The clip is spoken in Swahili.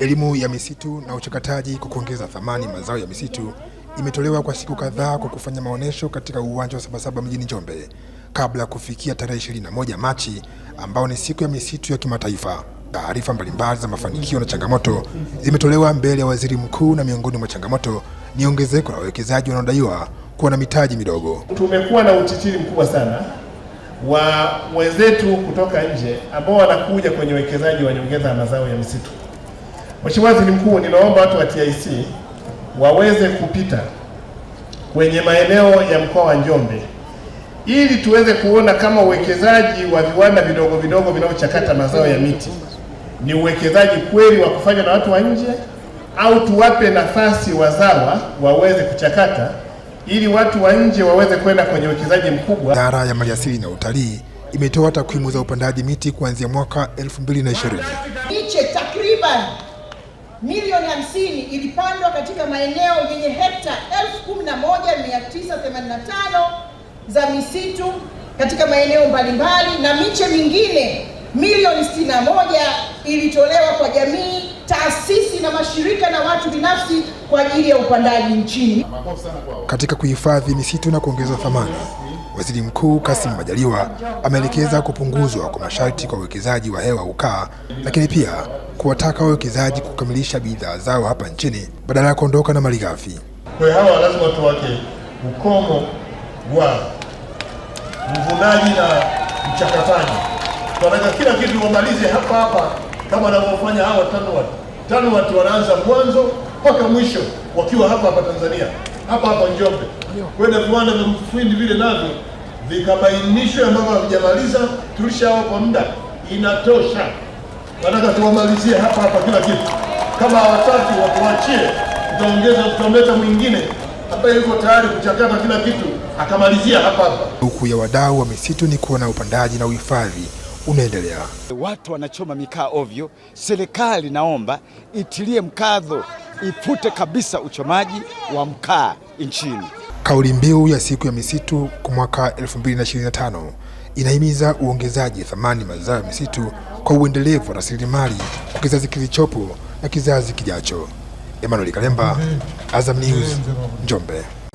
Elimu ya misitu na uchakataji kwa kuongeza thamani mazao ya misitu imetolewa kwa siku kadhaa kwa kufanya maonyesho katika uwanja wa Sabasaba mjini Njombe kabla ya kufikia tarehe 21 Machi ambao ni siku ya misitu ya kimataifa. Taarifa mbalimbali za mafanikio na changamoto zimetolewa mbele ya Waziri Mkuu, na miongoni mwa changamoto ni ongezeko la wawekezaji wanaodaiwa kuwa na mitaji midogo. Tumekuwa na utitiri mkubwa sana wa wenzetu kutoka nje ambao wanakuja kwenye uwekezaji wa nyongeza ya mazao ya misitu. Mheshimiwa Waziri Mkuu, ninaomba watu wa TIC waweze kupita kwenye maeneo ya mkoa wa Njombe ili tuweze kuona kama uwekezaji wa viwanda vidogo vidogo vinavyochakata mazao ya miti ni uwekezaji kweli wa kufanya na watu wa nje au tuwape nafasi wazawa waweze kuchakata ili watu wa nje waweze kwenda kwenye uwekezaji mkubwa. idara ya Maliasili na Utalii imetoa takwimu za upandaji miti kuanzia mwaka 2020. Miche takriban milioni 50 ilipandwa katika maeneo yenye hekta 11985 za misitu katika maeneo mbalimbali na miche mingine milioni 61 ilitolewa kwa jamii taasisi na mashirika na watu binafsi kwa ajili ya upandaji nchini. Katika kuhifadhi misitu na kuongeza thamani, Waziri Mkuu Kassim Majaliwa ameelekeza kupunguzwa kwa masharti kwa uwekezaji wa hewa ukaa, lakini pia kuwataka wawekezaji kukamilisha bidhaa zao hapa nchini badala ya kuondoka na malighafi. Kwa hawa lazima tuwake ukomo wa mvunaji na mchakataji, tunataka kila kitu wamalize hapa hapa kama wanavyofanya hawa TANROADS. TANROADS wanaanza mwanzo mpaka mwisho wakiwa hapa hapa Tanzania, hapa hapa Njombe, kwenda viwanda vya mfundi vile navyo vikabainishwa ambavyo havijamaliza, tulishao kwa muda, inatosha. Nataka tuwamalizie hapa hapa kila kitu. Kama hawataki watuachie, tutaongeza, tutamleta mwingine ambaye yuko tayari kuchakata kila kitu akamalizia hapa hapa. Huku ya wadau wa misitu ni kuona upandaji na uhifadhi unaendelea. Watu wanachoma mikaa ovyo. Serikali naomba itilie mkazo, ifute kabisa uchomaji wa mkaa nchini. Kauli mbiu ya siku ya misitu kwa mwaka 2025 inahimiza uongezaji thamani mazao ya misitu kwa uendelevu wa rasilimali kwa kizazi kilichopo na kizazi kijacho. Emmanuel Kalemba, Azam News, Njombe.